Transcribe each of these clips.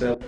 Shut it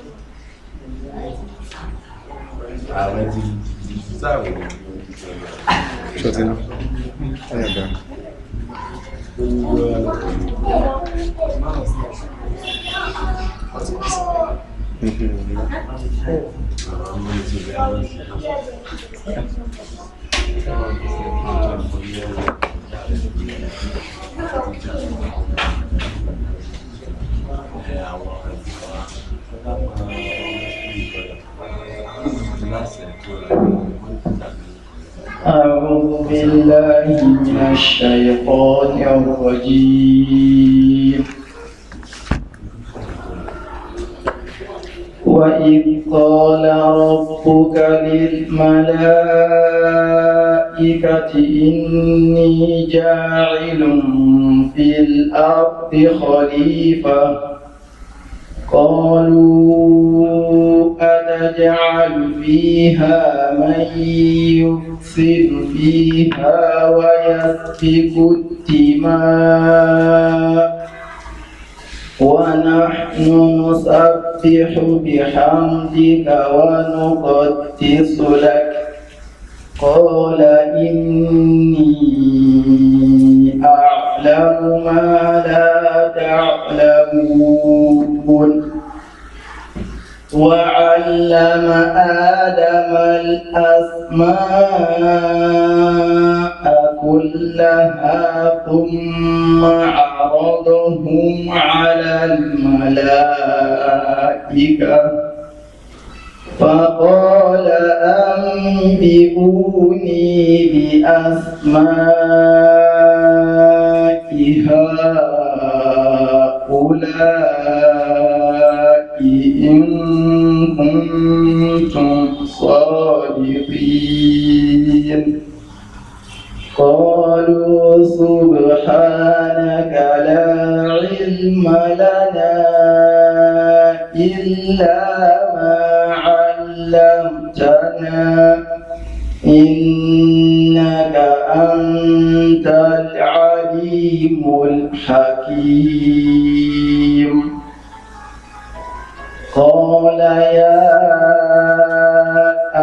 أعوذ بالله من الشيطان الرجيم وإذ قال ربك للملائكة إني جاعل في الأرض خليفة قالوا أنجعل فيها من يفسد فيها ويسفك الدماء ونحن نسبح بحمدك ونقدس لك قال إني أعلم ما لا تعلمون وعلم آدم الأسماء كلها ثم عرضهم على الملائكة فقال أنبئوني بأسماء هؤلاء أولئك إن كنتم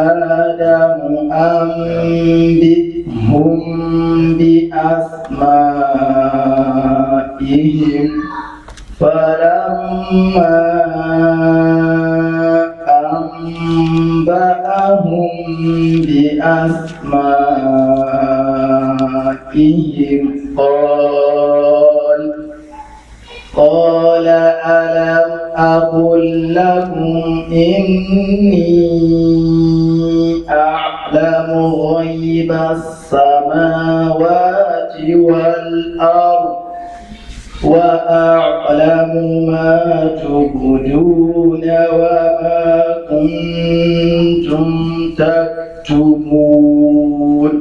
adamu ambihum bi asma'ihim falamma يعلم ما تبدون وما كنتم تكتمون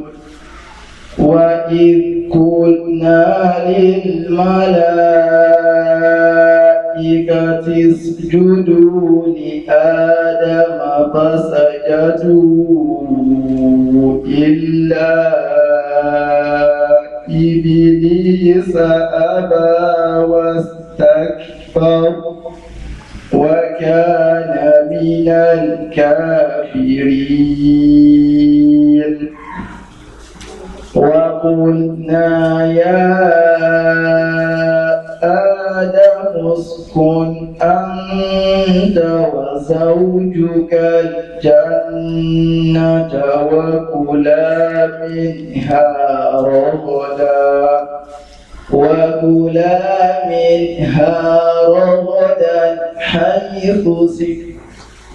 وإذ قلنا للملائكة اسجدوا لآدم فسجدوا إلا إبليس أبدا الكافرين وقلنا يا آدم اسكن أنت وزوجك الجنة وكلا منها رغدا وكلا منها رغدا حيث سكت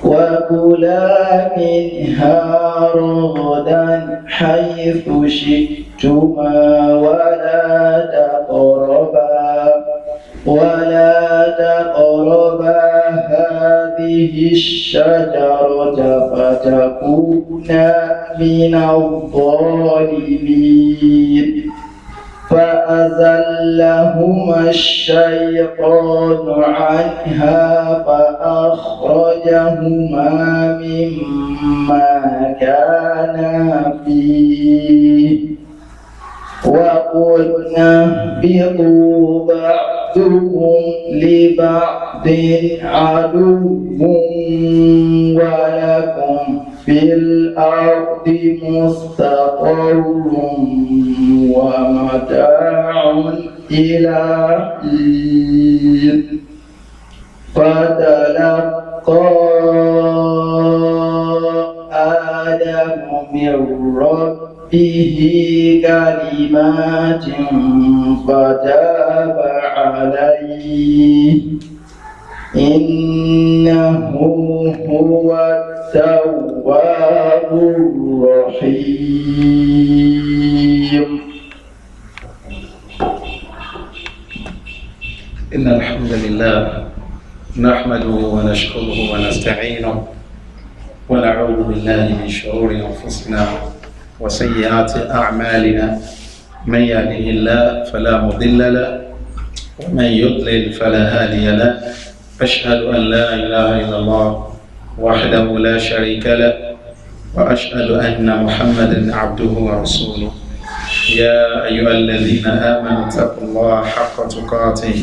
وكلا منها رغدا حيث شئتما ولا تقربا ولا تقربا هذه الشجرة فتكونا من الظالمين فأزلهما الشيطان عنها فأخرج أخرجهما مما كانا فيه وقلنا اهبطوا بعضكم لبعض عدو ولكم في الأرض مستقر ومتاع إلى حين فتلقى آدم من ربه كلمات فتاب عليه إنه هو التواب الرحيم إن الحمد لله نحمده ونشكره ونستعينه ونعوذ بالله من شرور انفسنا وسيئات اعمالنا من يهده الله فلا مضل له ومن يضلل فلا هادي له اشهد ان لا اله الا الله وحده لا شريك له واشهد ان محمدا عبده ورسوله يا ايها الذين امنوا اتقوا الله حق تقاته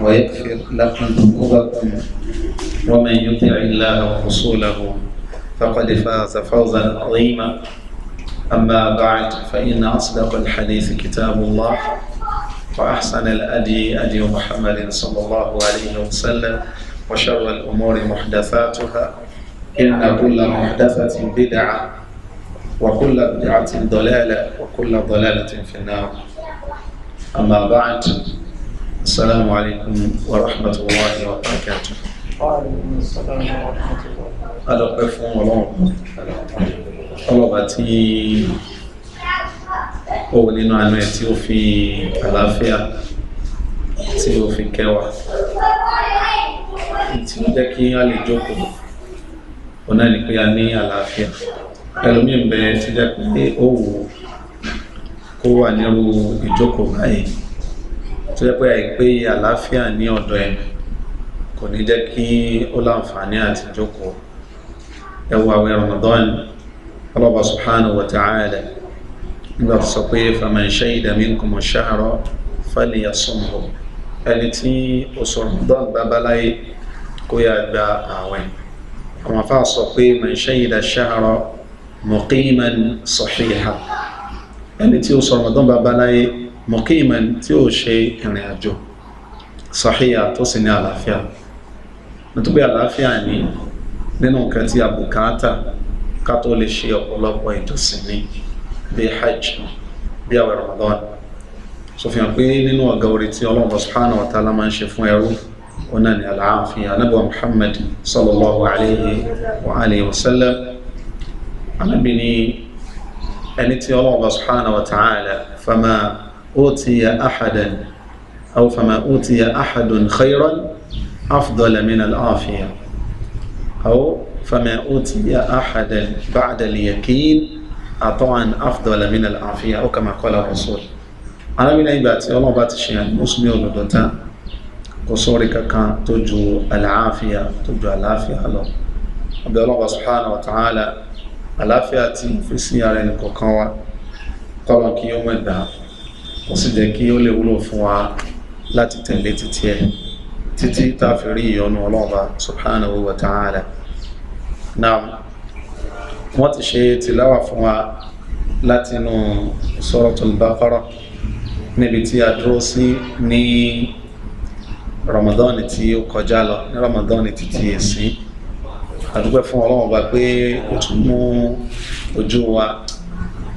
ويغفر لكم ذنوبكم ومن يطع الله ورسوله فقد فاز فوزا عظيما أما بعد فإن أصدق الحديث كتاب الله وأحسن الأدي أدي محمد صلى الله عليه وسلم وشر الأمور محدثاتها إن كل محدثة بدعة وكل بدعة ضلالة وكل ضلالة في النار أما بعد السلام عليكم ورحمة الله وبركاته alọ́pẹ́ fún ọlọ́run ọlọ́ba tí ó nínú àánú ẹ̀ tí ó fi àlàáfíà tí ó fi kẹwàá tí ó jẹ́ kí a lè jókòó òun náà ni pé a ní àlàáfíà ẹlòmíì ń bẹ tí jẹ́ pé ó wù kó wà nírú ìjókòó báyìí tó yẹ pé àìpé àlàáfíà ní ọ̀dọ̀ ẹ̀ kò ní jẹ́ kí ó láǹfààní àti jókòó ẹwà àwẹ̀ Ramadan ọlọ́ba subhanahu wa ta'ala nígbà tó sọ pé faman shahida minkumu shahra falyasumhu ẹni tí oṣù Ramadan gbábáláyé kó yá gba àwẹ̀ àwọn afá sọ pé man shahida shahra muqiman sahiha ẹni tí oṣù Ramadan gbábáláyé mọ̀kíìmọ̀ tí ó ṣe ìrìn àjò sàhíyà tó sì ní àlàáfíà nítorí àlàáfíà ni nínú nǹkan tí a bùkátà ká tó lè ṣe ọ̀pọ̀lọpọ̀ ìjọsìn ní bí hajj bí àwẹ̀ Ramadan so fi hàn pé nínú ọ̀gá orí tí Ọlọ́run subhanahu wa ta'ala máa ń ṣe fún ẹrú ọ̀nà ni àlàáfíà anábọ̀ Muhammad sallallahu alayhi wa alayhi wa sallam anábì ni ẹni tí Ọlọ́run subhanahu wa ta'ala fama أوتي أحدا أو فما أوتي أحد خيرا أفضل من العافية أو فما أوتي أحدا بعد اليقين أطعا أفضل من العافية أو كما قال الرسول أنا من أي بات يوم بات شيئا مسمي ودوتا قصورك كان تجو العافية تجو العافية الله عبد الله سبحانه وتعالى العافية في سيارة يعني كوكاوة طبعا كيوم الدهر ó sì jẹ́ kí ó lè wúlò fún wa láti tẹ̀lé títí ẹ̀ títí tá a fi rí ìyọ́nú ọlọ́ọ̀bá subhanahu wa ta'ala náà wọ́n ti ṣe tìláwà fún wa láti inú suratul Baqara níbi tí a dúró sí ní Ramadan tí ó kọjá lọ ní Ramadan títí èsì àdúgbò fún ọlọ́wọ́n pé ó tún mú ojú wa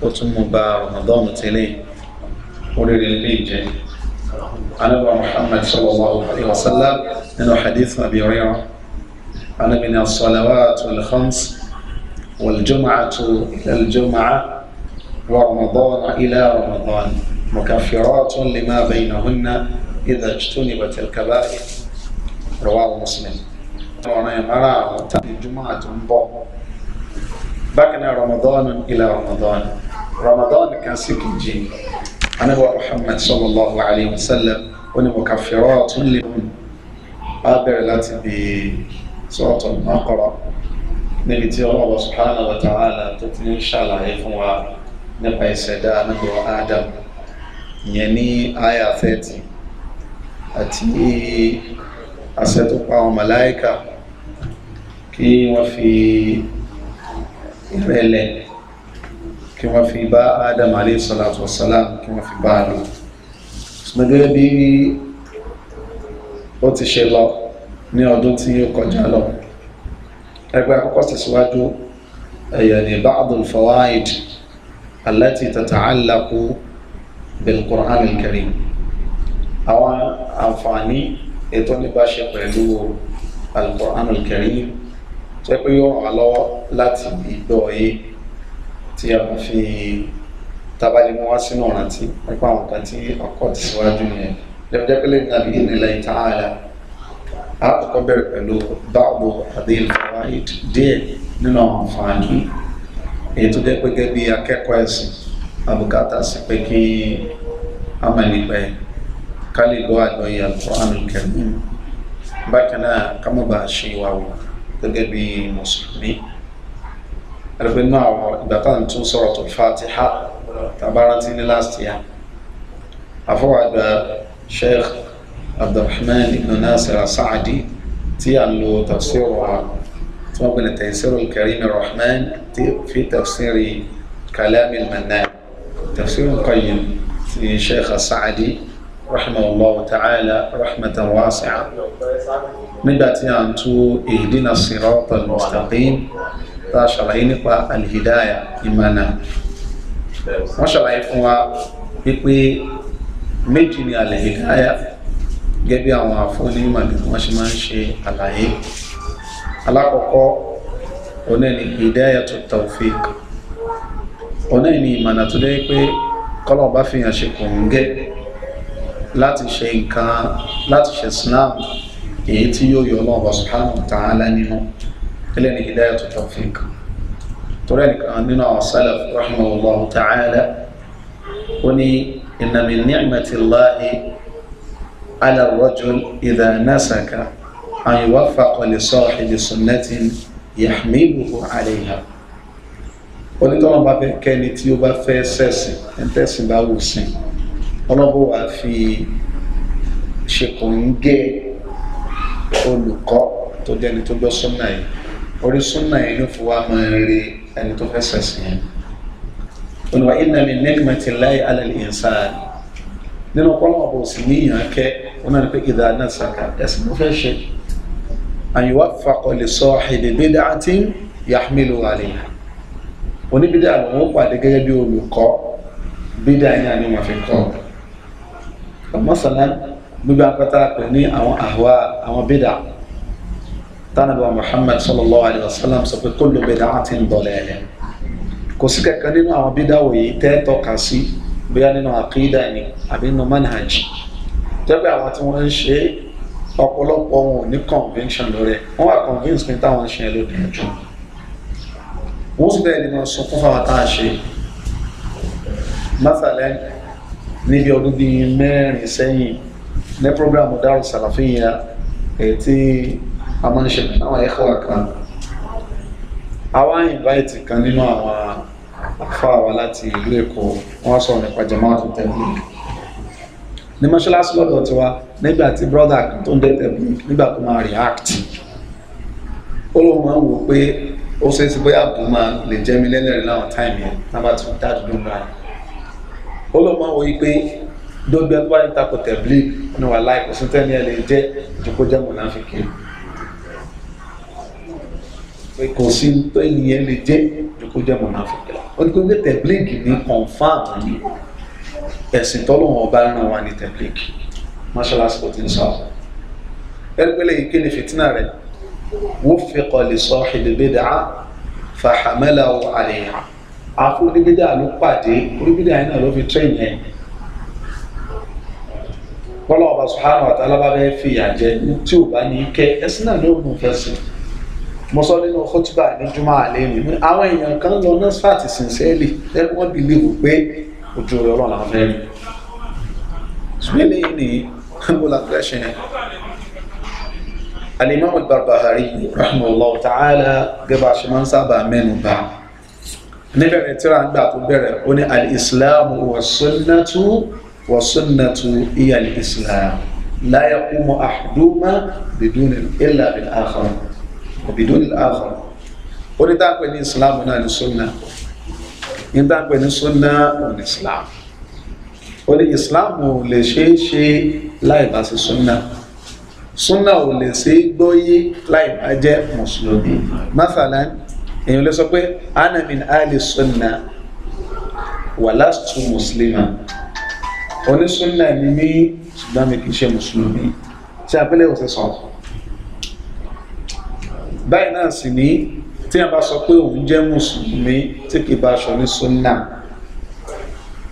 ó tún mú ba Ramadan tẹ́lẹ̀ ulil ilmi عن ابو محمد صلى الله عليه وسلم انه حديث ابي هريره انا من الصلوات الخمس والجمعه الى الجمعه ورمضان الى رمضان مكفرات لما بينهن اذا اجتنبت الكبائر رواه مسلم الجمعه بقنا رمضان الى رمضان رمضان كان سكين جيم anabiwa muhammad sallallahu alayhi wa sallam ó ní mukafiratun lè mú a bẹ̀rẹ̀ láti bí suratul Baqara níbi tí ọlọ́wọ́ subhanahu wa ta'ala tó ti ń ṣàlàyé fún wa nípa ìṣẹ̀dá anabiwa adam ìyẹn ní aya 30 àti àṣẹ àwọn màláìka kí wọ́n fi ìrẹ̀lẹ̀ كما في fi آدم عليه alayhi salatu wassalam kí wọ́n fi bá a lọ ṣùgbọ́n gẹ́gẹ́ bí ó ti ṣe lọ ní ọdún tí ó kọjá lọ ẹgbẹ́ akọ́kọ́ tẹ̀síwájú ẹ̀yẹ̀ ní ba'd al-fawaid allati tata'allaqu bil-Qur'an àwọn àǹfààní ètò nípa ṣe pẹ̀lú al-Qur'an al yóò ràn lọ́wọ́ láti gbọ́ yìí tí a máa fi tábàlì mú wá sínú ọ̀rántí nípa àwọn kan tí ọkọ̀ ti síwájú yẹn lẹ́bùjẹ́ pé lẹ́yìn tàbí ìnìlẹ̀ ìta ààlà a kọ́kọ́ bẹ̀rẹ̀ pẹ̀lú báàbò àdéhùn fawaid díẹ̀ nínú àwọn àǹfààní èyí tó jẹ́ pé gẹ́gẹ́ bí akẹ́kọ̀ọ́ ẹ̀sìn àbùkátà sí pé kí a nípa ẹ̀ ká lè gbọ́ àgbọ̀yé Al-Qur'anul Karim bákan náà ká má bàa ṣe ìwà wò gẹ́gẹ́ bí mùsùlùmí ربنا بقدم سورة الفاتحة تبارك تبارتي للاست يعني أفوع الشيخ عبد الرحمن بن ناصر السعدي تي له تفسير ثم تفسير الكريم الرحمن في تفسير كلام المنان تفسير قيم لشيخ السعدي رحمه الله تعالى رحمة واسعة من باتيان تو اهدنا الصراط المستقيم tá a ṣàlàyé nípa alìhìdáyà ìmànà wọ́n ṣàlàyé fún wa wípé méjì ni alìhìdáyà gẹ́gẹ́ bí àwọn àfọ́nímọ̀ bí wọ́n ṣe máa ń ṣe àlàyé alákọ̀ọ́kọ́ ọ̀nà ni ìdáyà tó tawfiq ọ̀nà ni ìmànà tó dé pé kọ́lọ̀ bá fi hàn ṣe kòǹgẹ́ láti ṣe nǹkan láti ṣe Islam èyí tí yóò yọ Ọlọ́hun subhanahu wa nínú ilé ní hidayatu tawfiq torí ẹnìkan nínú àwọn salaf rahimahullahu ta'ala ó ní inna min ni'matillahi ala ar-rajul idha nasaka an yuwaffaqa li sahibi sunnatin yahmiluhu alayha onítọ́nà bá fẹ́ kẹ́ni tí ó bá fẹ́ sẹ́sìn ẹ̀ńtẹ́sìn bá wù sí ọlọ́bọ̀ wà fi ṣèkò ń gé olùkọ́ tó jẹ́ni tó gbọ́ sọ́nà yìí orí súnà yìí ló fi wá máa rí ẹni tó fẹ́ sẹ̀sìn yẹn oníwà inna min ni'mati llahi 'ala al-insan nínú kọ́lọ́ ọ̀bọ̀ sì níyàn kẹ́ wọn náà ní pé idha nasaka ẹ̀sìn ló fẹ́ ṣe an yuwaffaqa li sahibi bid'atin yahmilu 'alayha oníbídà lòun ó pàdé gẹ́gẹ́ bí olùkọ́ bídà yẹn ni wọ́n fi kọ́ ọ mọ́sálá gbígbà pátá pẹ̀ ní àwọn àwa àwọn bídà tánàbà Muhammad sallallahu alayhi wa sallam sọ pé kullu bid'atin dalalah kò sí kankan nínú àwọn bídáwò yìí tẹ́ tọ́ka sí bóyá nínú àkídà ni àbí nínú manhaj tẹ́gbẹ́ àwọn tí wọ́n ń ṣe ọ̀pọ̀lọpọ̀ wọn ò ní convention lórí ẹ̀ wọ́n wà convince pé táwọn ń ṣe ẹ lóde ẹjọ́ wọ́n sì bẹ́ẹ̀ ni wọ́n sọ fún fáwọn tá a ṣe masalẹ̀ níbi ọdún bíi mẹ́rin sẹ́yìn ní program Darus Salafiyya èyí tí amọ́niṣẹ́ àwọn ẹ̀kọ́ kan àwọn invite kan nínú àwọn afáwa láti ìlú Èkó wọ́n sọ̀rọ̀ nípa Jama'atu Tabligh ní mọ́ṣáláṣí lọ́dọ̀ tiwa nígbà tí brother kan tó ń dé Tabligh nígbà tó máa react ó lóun máa ń wò pé ó ṣe é ti bóyá bó máa lè jẹ́ mi lẹ́lẹ́rìí láwọn táìmù yẹn tábà tún dájú ló ń ra ó lóun máa ń wò yí pé dógbé tó bá ní takò Tabligh ní wà láì kò lè jẹ́ ìjókòó jẹ́ mọ̀nàfíkì pé kò sí tó ènìyàn lè jẹ́ kó jẹ́ mọ̀nàfíkì lọ. ó ní kó gbé tẹ̀blíìkì ní kọ̀nfáàmù ni ẹ̀sìn tọ́lọ́wọ́n ọba ń ràn wá ní tẹ̀blíìkì mọ́ṣáláṣí kò ti ń sọ ọ́. ẹgbẹ́lẹ́ yìí kí ni fìtínà rẹ̀ wuffiqa li sahibil bid'a fahamalahu alayha. àfọ oníbídà ló pàdé oníbídà yẹn náà ló fi tẹ́ ìyẹn. bọ́lá ọba subhanahu wa fìyà jẹ tí ò bá ní kẹ́ ẹ̀sìn náà ló gùn fẹ́ sìn mo sọ nínú kótóbà lójúmọ́ àlẹ́ mi àwọn èèyàn kan lọ nasfat sincerely then wọ́n believe pé ojú rẹ̀ ọlọ́run àwọn fẹ́ẹ́ rí ṣùgbọ́n eléyìí ni angola fẹ́ṣẹ̀ alimam al-Barbahari rahimahullah ta'ala gẹ́gbà ṣe máa ń sábà mẹ́nu bá níbẹ̀rẹ̀ tíra gbà tó bẹ̀rẹ̀ ó ní al-islam wa sunnatu wa sunnatu iya al-islam la yaqumu ahduma bidun illa bil-akhar bidun al-akhar ó ní tá a pè ní islam náà ní sunna ní tá a pè ní sunna ò ní islam ó ní islam ò lè ṣeé ṣe láì bá sí sunna súnà ò lè ṣe é gbọ́yé láì bá jẹ́ mùsùlùmí masalan èèyàn lè sọ pé ana min ali súnà wà lastu mùsùlùmá onísúnà ni mí ṣùgbọ́n mi kì í ṣe mùsùlùmí tí abẹ́lẹ̀ ò ṣe sọ̀rọ̀ báyìí náà sì ní tí wọn bá sọ pé òun jẹ́ mùsùlùmí tí kì í bá aṣọ ní sunna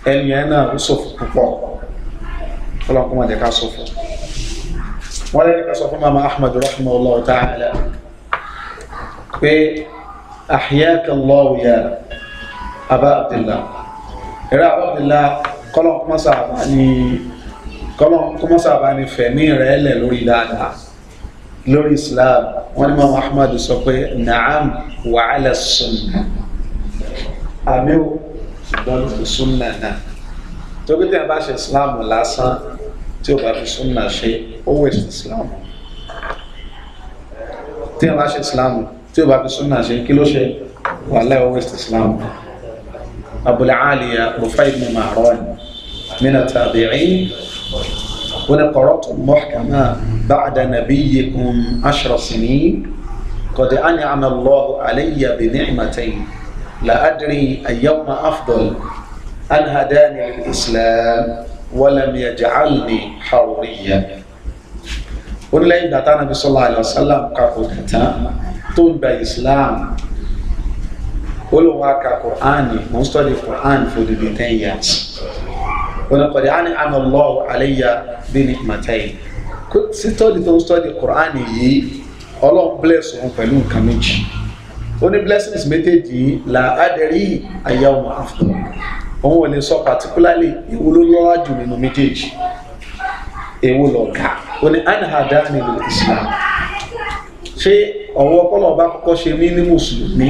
ẹni ẹ náà ó ṣòfò púpọ̀ ọlọ́kùnrin àti ká ṣòfò wọn lẹ́nu ká sọ fún mama ahmed rahimahullah ta'ala pé ahyaka allah ya aba abdullah eré aba abdullah kọ́lọ́n kọ́mọ́sà bá ní fẹ̀mí rẹ̀ lẹ̀ lórí dáadáa lórí islam wọ́n ní mọ́ ahmad sọ pé naam wa ala sunna àmì ò ṣùgbọ́n ló fi sunna náà tóbi tí a bá ṣe islam lásán tí o bá fi sunna ṣe ó wẹ̀ sí islam tí a bá ṣe islam tí o bá fi sunna ṣe kí ló ṣe wàhálà ó wẹ̀ sí islam abul rufai ibn ma'rani mina tabi'in هنا قرأت المحكمة بعد نبيكم عشر سنين قد أنعم الله علي بنعمتين لا أدري أيهما أفضل أن هداني للإسلام ولم يجعلني حوريا ó ní lẹ́yìn gbàtà nàbí sọ́lá àlọ́sálàm kàkùdà tán tó ń gba islam ó ló wá ka quran years onakọ̀dé á ní anàlọ́wọ́ àlẹ́yà bí ní màtáyì sítọ́dì tó ń sọ́dì kùránì yìí ọlọ́run bless òun pẹ̀lú nǹkan méjì ó ní blessings méjèèjì yìí là á dẹ̀rí àyà ọmọ àfọ̀ òun ò lè sọ particularly èwo ló lọ́wọ́ jù nínú méjèèjì èwo lọ̀gá ó ní anahada nínú Islam ṣé ọ̀wọ́ ọpọlọ ọba kọ́kọ́ ṣe mí ní mùsùlùmí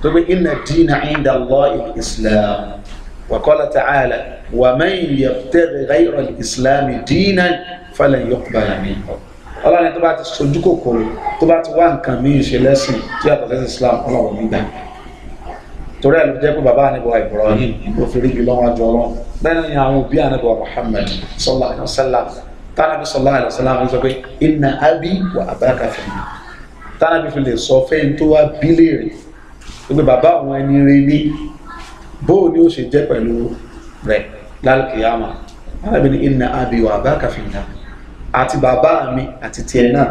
tó pé inna dina inda Allah il Islam wa qala ta'ala. ومن يبتغي غير الإسلام دينا فلن يقبل منه ọlọ́run tó bá ti sojú kòkòrò tó bá ti wá nǹkan míì ṣe lẹ́sìn tí yàtọ̀ lẹ́sìn Islam ọlọ́run nígbà torí ẹ̀ ló jẹ́ pé bàbá àníbọ̀ Ibrahim ló fi rí ibi lọ́wọ́ àjọ ọlọ́run bẹ́ẹ̀ ni àwọn òbí àníbọ̀ Muhammad sallallahu alaihi wasallam tánàbí sallallahu alaihi wasallam ń sọ pé inna abi wa abaka fìlà tánàbí fi lè sọ fẹ́yìn tó wá bílẹ̀ pé bàbá àwọn ẹni rẹ̀ ní bóò ni ó ṣe jẹ́ pẹ̀lú rẹ̀ lálùkìyàmà alábi ní inna abi wa abaka fi nà àti bàbá mi àti tiẹ̀ náà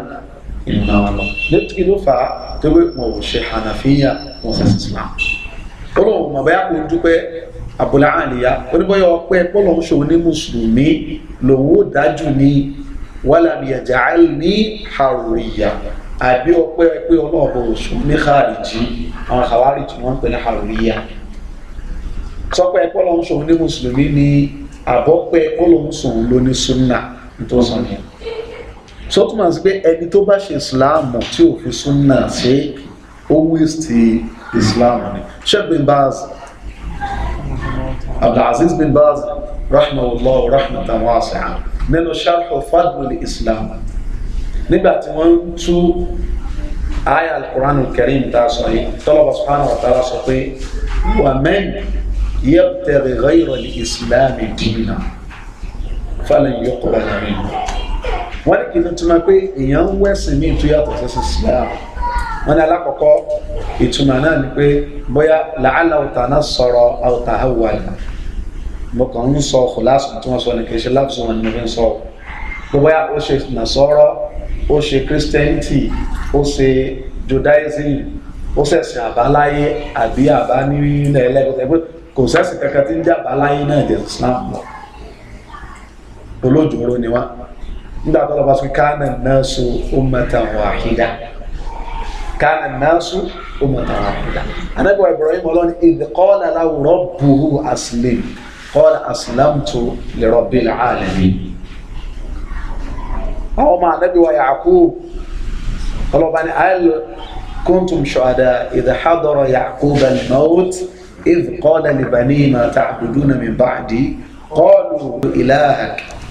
ìnà wọn lọ lẹ́tùkì ló fà á tó pé wọn ò ṣe hànàfíyà wọn sì sì sílá ọlọ́run mọ̀ báyà kò ń dúpẹ́ àbúlá àlìyá oníbọ̀yọ̀ ọpẹ́ pọ́lọ̀ ń ṣòwò ní mùsùlùmí lòun ó dájú ní wàlámi ẹ̀jẹ̀ àìní haruriya àbí ọpẹ́ pé ọlọ́ọ̀bọ̀ òṣùn ní kárìjì àwọn kàwárìjì wọn ń pè ní haruriya sọpẹ́ kọ́lọ́hún sòun ní mùsùlùmí ni àbọ̀pẹ́ kọ́lọ́hún sòun ló ní súnà tó sọ nìyẹn so tó máa ń sọ pé ẹni tó bá ṣe ìsìláàmù tí ò fi súnà ṣe ó wíìsì ìsìláàmù ni sheikh bin baz abdulaziz bin baz rahmanullah rahmatan wasi'a nínú sharh fadl islam nígbà tí wọ́n ń tú aya al-Qur'an al-Karim tá sọ yìí tọ́lọ́bà subhanahu wa ta'ala sọ pé wà yabtaghi ghayra الإسلام دينا، فلن يقبل yuqbala minhu wọ́n ní kí ló túmọ̀ pé èèyàn ń wẹ̀sìn ní ìtúyàtọ̀ sẹ́sìn islam wọ́n ní alákọ̀ọ́kọ́ ìtumọ̀ náà ni pé bóyá làálà ọ̀tà náà sọ̀rọ̀ ọ̀tà hawala mo kàn ń sọ kòláṣù tí wọ́n sọ ní kìí ṣe láàbùsùn wọn ni mo sọ pé bóyá ó ṣe nàṣọ́rọ́ ó ṣe kírísítẹ́ǹtì ó ṣe judaism ó ṣẹ̀sìn àbáláyé àbí àbá ní ilẹ̀ ẹlẹ́gbẹ̀ẹ́ kò sẹ́sì kankan tí ń jàpá láyé náà jẹ́ islam lọ olójòrò ni wá nígbà tó lọ́ba sọ kánà nasu ummatan wahida kánà nasu ummatan wahida anábì wa Ibrahim ọlọ́ni idh qala lahu rabbuhu aslim qala aslamtu li rabbil alamin àwọn ọmọ anábì wa Yaqub ọlọ́ba ni al kuntum shuhada idh hadara Yaquba al-maut. إذ قال لبني ما تعبدون من بعدي قالوا إلهك